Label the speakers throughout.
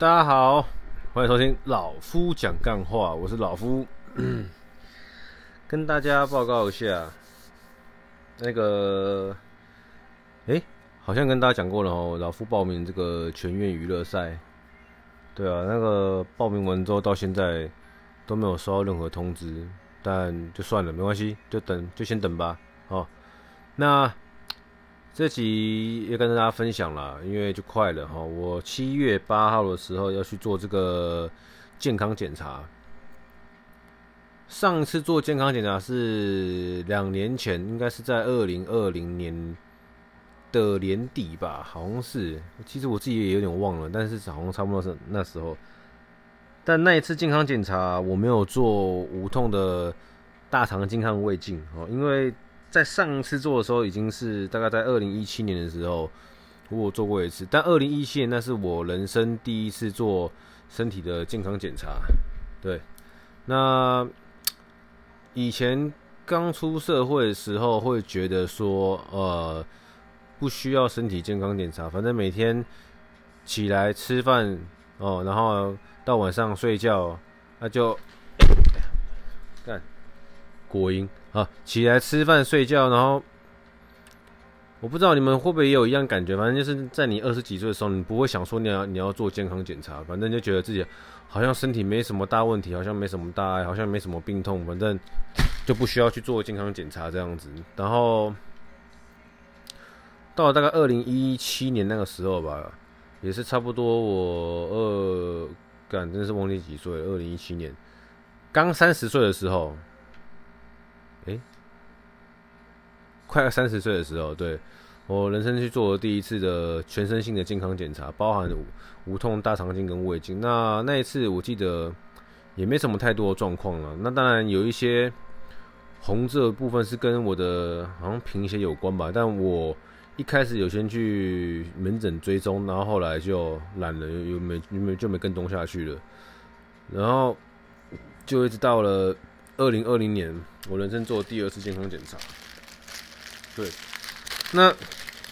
Speaker 1: 大家好，歡迎收聽老夫講幹話，我是老夫，跟大家報告一下，那個，誒、欸、好像跟大家講過了哦，老夫報名這個全院娛樂賽，對啊，那個報名完之後到現在都沒有收到任何通知，但就算了，沒關係，就等，就先等吧，好，那。這集要跟大家分享了，因為就快了哈。我七月八號的時候要去做這個健康檢查。上一次做健康檢查是兩年前，應該是在二零二零年的年底吧，好像是。其實我自己也有點忘了，但是好像差不多是那時候。但那一次健康檢查，我沒有做無痛的大腸鏡和胃鏡哦，因為。在上一次做的時候，已經是大概在二零一七年的時候，我做過一次。但二零一七年那是我人生第一次做身體的健康檢查。對，那以前剛出社會的時候，會覺得說，呃，不需要身體健康檢查，反正每天起來吃飯哦，然後到晚上睡覺，那、啊、就干 果音。好、啊，起來吃飯睡覺，然後我不知道你們會不會也有一樣感覺，反正就是在你二十幾歲的時候，你不會想說你要你要做健康檢查，反正就覺得自己好像身體沒什麼大問題，好像沒什麼大礙，好像沒什麼病痛，反正就不需要去做健康檢查這樣子。然後到了大概二零一七年那個時候吧，也是差不多我二，幹、呃、真的是忘記幾歲了，二零一七年剛三十歲的時候。快三十歲的時候，對，我人生去做了第一次的全身性的健康檢查，包含無，無痛大腸鏡跟胃鏡。那那一次我記得也沒什麼太多的狀況了。那當然有一些紅色的部分是跟我的好像貧血有關吧。但我一開始有先去門診追蹤，然後後來就懶了，又沒沒就沒跟蹤下去了。然後就一直到了二零二零年，我人生做第二次健康檢查。對，那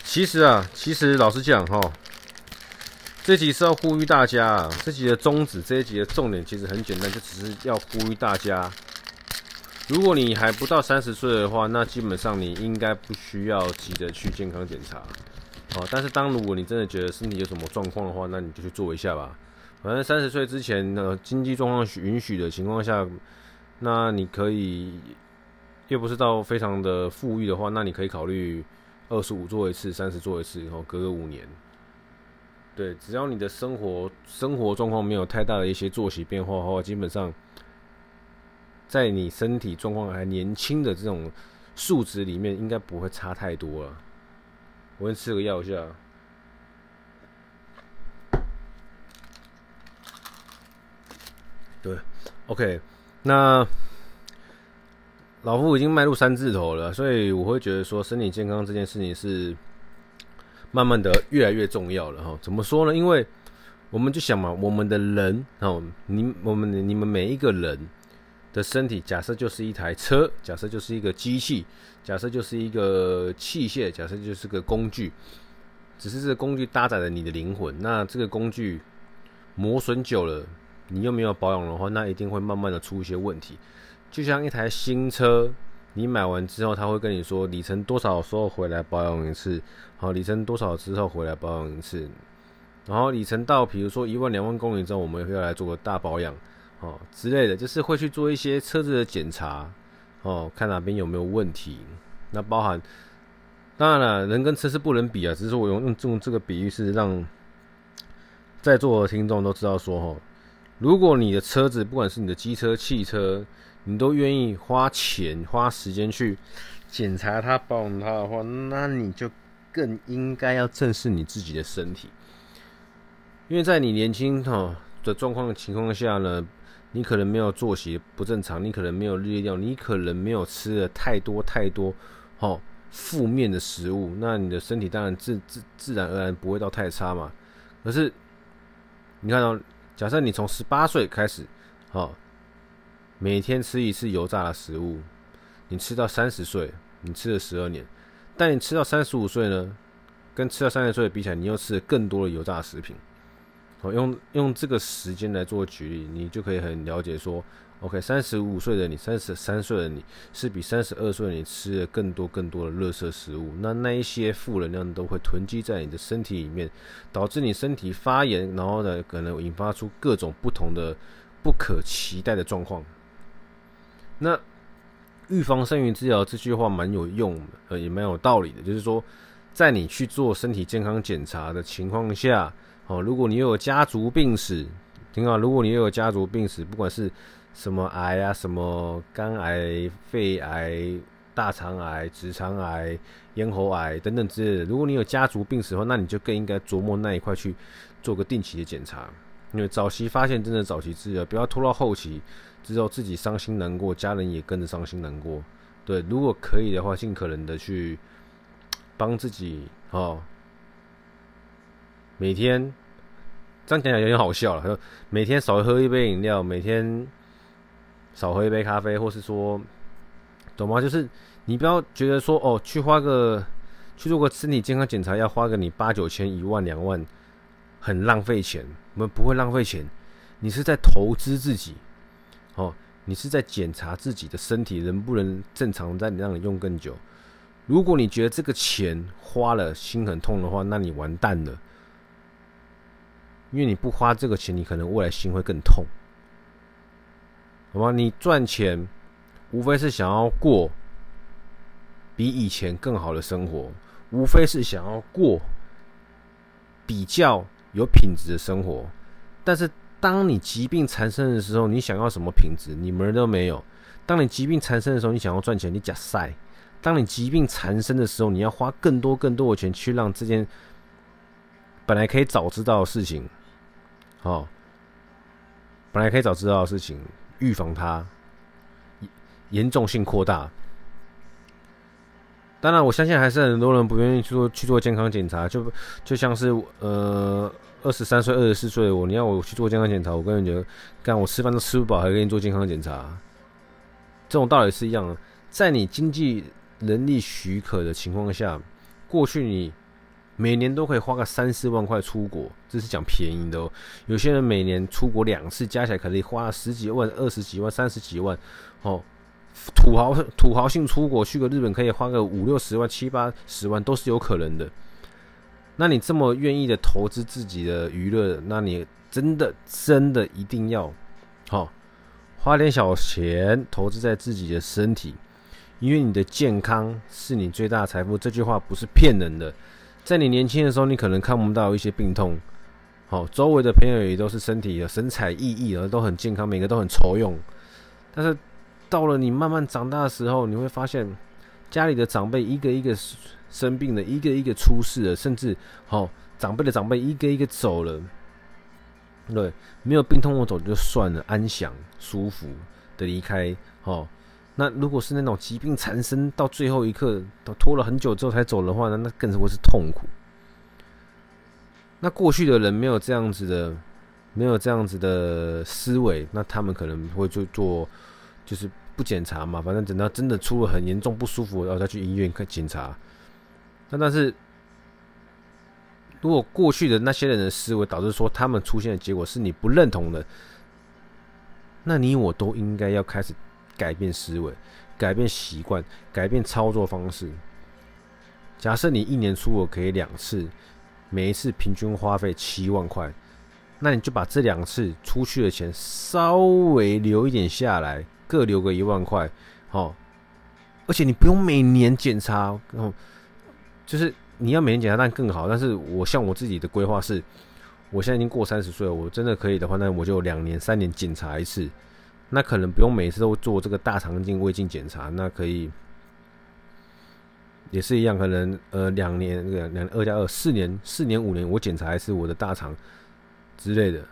Speaker 1: 其實啊，其實老實講哈，這集是要呼籲大家啊，這集的宗旨，這一集的重點其實很簡單，就只是要呼籲大家，如果你還不到三十歲的話，那基本上你應該不需要急着去健康檢查，好，但是當如果你真的覺得身體有什麼狀況的話，那你就去做一下吧。反正三十歲之前，那經濟狀況允許的情況下，那你可以。又不是到非常的富裕的話，那你可以考慮二十五做一次，三十做一次，然後隔個五年。對，只要你的生活生活狀況沒有太大的一些作息變化的話，基本上在你身體狀況還年輕的這種數值裡面，應該不會差太多了。我先吃個藥一下。對，OK，那。老夫已經邁入三字頭了，所以我會覺得說，身體健康這件事情是慢慢的越來越重要了哈。怎麼說呢？因為我們就想嘛，我們的人哦，你我們你們每一個人的身體，假設就是一台車，假設就是一個機器，假設就是一個器械，假設就是個工具，只是這個工具搭載了你的靈魂。那這個工具磨損久了，你又沒有保養的話，那一定會慢慢的出一些問題。就像一台新車，你買完之後，他會跟你說里程多少時候回來保養一次，好、哦，里程多少之後回來保養一次，然後里程到比如說一萬兩萬公里之後，我們會要來做個大保養，哦之類的，就是會去做一些車子的檢查，哦，看哪邊有沒有問題。那包含，當然了，人跟車是不能比啊，只是說我用用這個比喻是讓在座的聽眾都知道說，哦，如果你的車子，不管是你的機車、汽車，你都願意花錢花時間去檢查他、保養他的話，那你就更應該要正視你自己的身體。因為在你年輕哈的狀況的情況下呢，你可能沒有作息不正常，你可能沒有熱量，你可能沒有吃了太多太多哈負面的食物，那你的身體當然自自自然而然不會到太差嘛。可是你看到，假設你從十八歲開始，哈。每天吃一次油炸的食物，你吃到三十歲，你吃了十二年；但你吃到三十五歲呢？跟吃到三十歲比起來，你又吃了更多的油炸的食品。好、哦，用用這個時間來做舉例，你就可以很了解說：OK，三十五歲的你，三十三歲的你是比三十二歲的你吃了更多更多的垃圾食物。那那一些負能量都會囤積在你的身體裡面，導致你身體發炎，然後呢，可能引發出各種不同的不可期待的狀況。那預防勝於治療這句話蠻有用，呃，也蠻有道理的。就是說，在你去做身體健康檢查的情況下，哦，如果你有家族病史，聽好，如果你有家族病史，不管是什麼癌啊，什麼肝癌、肺癌、大腸癌、直腸癌、咽喉癌等等之類的，如果你有家族病史的話，那你就更應該琢磨那一塊去做個定期的檢查，因為早期發現，真的早期治療，不要拖到後期。知道自己傷心難過，家人也跟着傷心難過。對，如果可以的話，盡可能的去幫自己。哦。每天這樣講講有點好笑了。說每天少喝一杯飲料，每天少喝一杯咖啡，或是說，懂嗎？就是你不要覺得說哦，去花個去做個身體健康檢查，要花個你八九千、一萬、兩萬，很浪費錢。我們不會浪費錢，你是在投資自己。哦，你是在檢查自己的身體能不能正常在你那裡用更久。如果你覺得這個錢花了心很痛的話，那你完蛋了。因為你不花這個錢，你可能未來心會更痛，好嗎？你賺錢無非是想要過比以前更好的生活，無非是想要過比較有品質的生活，但是。當你疾病纏身的時候，你想要什麼品質？你門兒都沒有。當你疾病纏身的時候，你想要賺錢，你假曬。當你疾病纏身的時候，你要花更多更多的錢去讓這件本來可以早知道的事情，好、哦，本來可以早知道的事情，預防它，嚴重性擴大。當然，我相信還是很多人不願意去做去做健康檢查，就就像是呃二十三歲、二十四歲的我，你要我去做健康檢查，我跟你講，幹我吃飯都吃不飽，還給你做健康檢查，這種道理是一樣的。在你經濟能力許可的情況下，過去你每年都可以花個三四萬塊出國，這是講便宜的哦、喔。有些人每年出國兩次，加起來可能你花了十幾萬、二十幾萬、三十幾萬，哦。土豪土豪性出國去個日本，可以花個五六十萬、七八十萬都是有可能的。那你這麼願意的投資自己的娛樂，那你真的真的一定要好、哦、花點小錢投資在自己的身體，因為你的健康是你最大的財富。這句話不是騙人的。在你年輕的時候，你可能看不到有一些病痛，好、哦，周圍的朋友也都是身體的神采奕奕，而都很健康，每個都很粗勇，但是。到了你慢慢長大的時候，你會發現家裡的長輩一個一個生病了，一個一個出事了，甚至哦，長輩的長輩一個一個走了。對，沒有病痛我走就算了，安詳舒服的離開。哦，那如果是那種疾病纏身，到最後一刻，都拖了很久之後才走的話，那那更是會是痛苦。那過去的人沒有這樣子的，沒有這樣子的思維，那他們可能會就做。就是不檢查嘛，反正等到真的出了很嚴重不舒服，然後再去醫院看檢查。那但，但是，如果過去的那些人的思維導致說他們出現的結果是你不認同的，那你我都應該要開始改變思維、改變習慣、改變操作方式。假設你一年出國可以兩次，每一次平均花費七萬塊，那你就把這兩次出去的錢稍微留一點下來。各留個一萬塊，好，而且你不用每年檢查，嗯，就是你要每年檢查，那更好。但是我像我自己的規劃是，我現在已經過三十歲了，我真的可以的話，那我就兩年、三年檢查一次。那可能不用每次都做這個大腸鏡、胃鏡檢查，那可以也是一樣。可能呃，兩年、兩兩二加二，四年、四年、五年，我檢查一次我的大腸之類的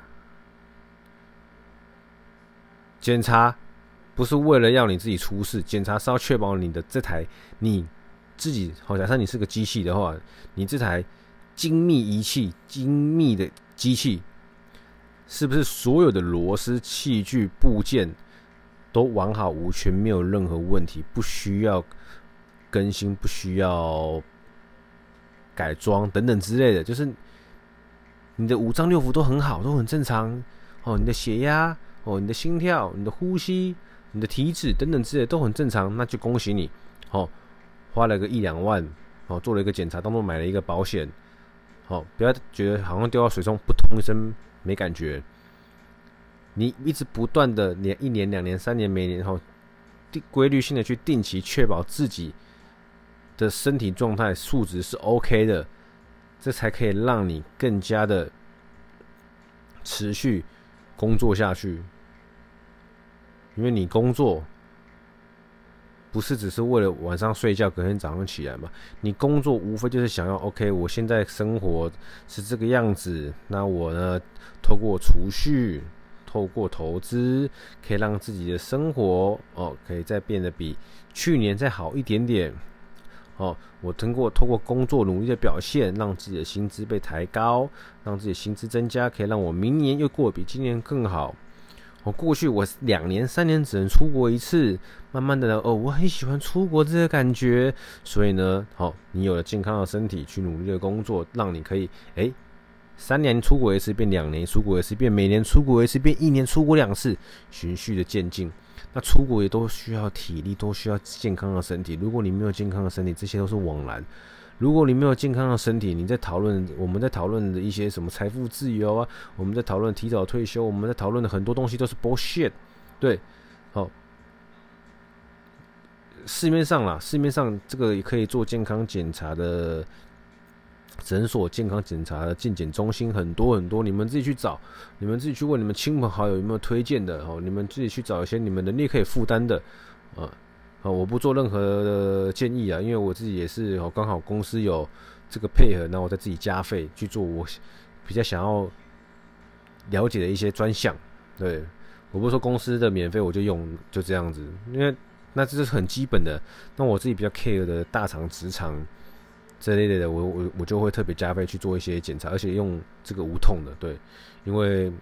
Speaker 1: 檢查。不是為了要你自己出事，檢查是要確保你的這台你自己好，假設你是個機器的話，你這台精密儀器、精密的機器，是不是所有的螺絲、器具、部件都完好無缺，沒有任何問題？不需要更新，不需要改裝等等之類的，就是你的五臟六腑都很好，都很正常哦。你的血壓哦，你的心跳，你的呼吸。你的體質等等之類都很正常，那就恭喜你，哦，花了個一兩萬，哦，做了一個檢查，當中買了一個保險，哦，不要覺得好像掉到水中，撲通一聲沒感覺。你一直不斷的連一年、兩年、三年，每年後、哦，定規律性的去定期確保自己的身體狀態數值是 OK 的，這才可以讓你更加的持續工作下去。因為你工作不是只是為了晚上睡覺，隔天早上起來嘛？你工作無非就是想要，OK，我現在生活是這個樣子，那我呢，透過儲蓄，透過投資，可以讓自己的生活哦，可以再變得比去年再好一點點。哦，我通過透過工作努力的表現，讓自己的薪資被抬高，讓自己薪資增加，可以讓我明年又過比今年更好。我過去我兩年三年只能出國一次，慢慢的哦，我很喜歡出國這個感覺，所以呢，好，你有了健康的身體去努力的工作，讓你可以哎、欸、三年出國一次變兩年出國一次變每年出國一次變一年出國兩次，循序的漸進，那出國也都需要體力，都需要健康的身體，如果你沒有健康的身體，這些都是枉然。如果你沒有健康的身體，你在討論我們在討論的一些什麼財富自由啊，我們在討論提早退休，我們在討論的很多東西都是 bullshit。對，好，市面上啦，市面上這個也可以做健康檢查的診所、健康檢查的健檢中心很多很多，你們自己去找，你們自己去問你們親朋好友有沒有推薦的哦，你們自己去找一些你們能力可以負擔的，啊。我不做任何的建議啊，因為我自己也是，剛好公司有這個配合，那我再自己加費去做我比較想要了解的一些專項。對，我不是說公司的免費我就用，就這樣子，因為那這是很基本的。那我自己比較 care 的大腸直腸這類類的，我我我就會特別加費去做一些檢查，而且用這個無痛的，對，因為。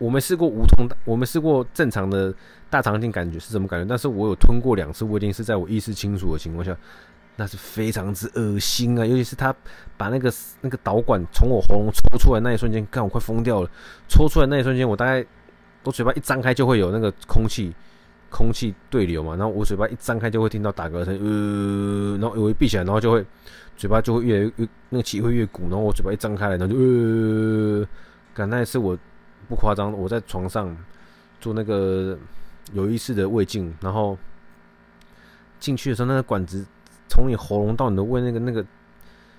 Speaker 1: 我沒試過無痛，我沒試過正常的大腸鏡，感覺是什麼感覺？但是我有吞過兩次，我已經是在我意識清楚的情況下，那是非常之噁心啊！尤其是他把那個那個導管從我喉嚨抽出來那一瞬間，看我快瘋掉了！抽出來那一瞬間，我大概，我嘴巴一張開就會有那個空氣空氣對流嘛，然後我嘴巴一張開就會聽到打嗝聲，呃，然後我一閉起來，然後就會嘴巴就會越來越那個氣會越鼓，然後我嘴巴一張開來，然後就呃，感那一次我。不誇張，我在床上做那個有意識的胃鏡，然後進去的時候，那個管子從你喉嚨到你的胃，那個，那個那個，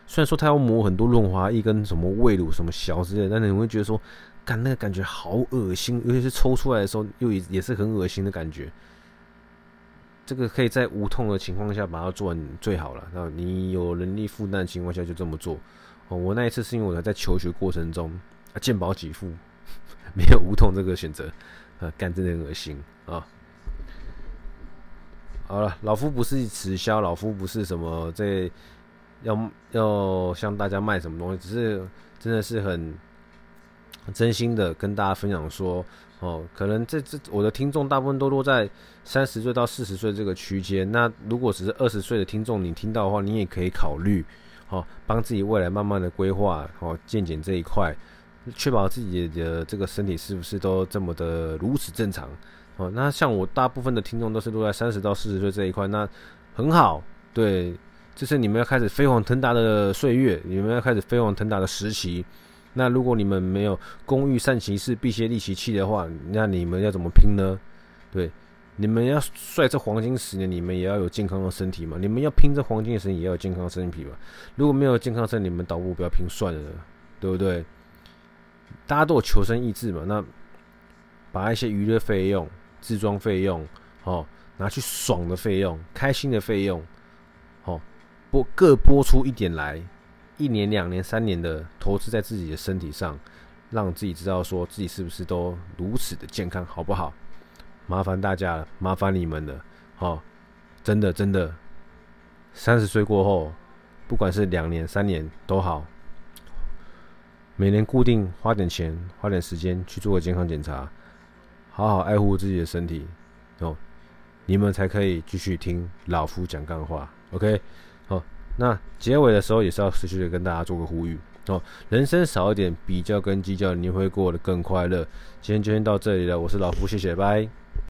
Speaker 1: 雖然說它要抹很多潤滑液跟什麼胃乳、什麼消之類的，但是你會覺得說，感，那個感覺好噁心，尤其是抽出來的時候，又也是很噁心的感覺。這個可以在無痛的情況下把它做完最好了。然後你有能力負擔的情況下就這麼做。哦，我那一次是因為我在求學過程中啊，健保給付， 沒有無痛這個選擇，啊，幹真的噁心啊！好了，老夫不是直銷，老夫不是什麼這要要向大家賣什麼東西，只是真的是很真心的跟大家分享說哦，可能這這我的聽眾大部分都落在三十歲到四十歲這個區間，那如果只是二十歲的聽眾，你聽到的話，你也可以考慮，哦，幫自己未來慢慢的規劃，好，健檢這一塊。確保自己的這個身體是不是都這麼的如此正常？哦，那像我大部分的聽眾都是落在三十到四十歲這一塊，那很好。對，這、就是你們要開始飛黃騰達的歲月，你們要開始飛黃騰達的時期。那如果你們沒有工欲善其事，必先利其器的話，那你們要怎麼拼呢？對，你們要率這黃金十年，你們也要有健康的身體嘛。你們要拼這黃金十年，也要有健康的身體嘛。如果沒有健康身體，你們達目標拼算了，對不對？大家都有求生意志嘛？那把一些娛樂費用、製裝費用，哦，拿去爽的費用、開心的費用，哦，撥各撥出一點來，一年、兩年、三年的投資在自己的身體上，讓自己知道說自己是不是都如此的健康，好不好？麻煩大家了，麻煩你們了。哦，真的真的，三十歲過後，不管是兩年、三年都好。每年固定花點錢，花點時間去做個健康檢查，好好愛護自己的身體，哦，你們才可以繼續聽老夫講幹話。OK，好、哦，那結尾的時候也是要持續的跟大家做個呼籲，哦，人生少一點比較跟計較，你會過得更快樂。今天就先到這裡了，我是老夫，謝謝，拜。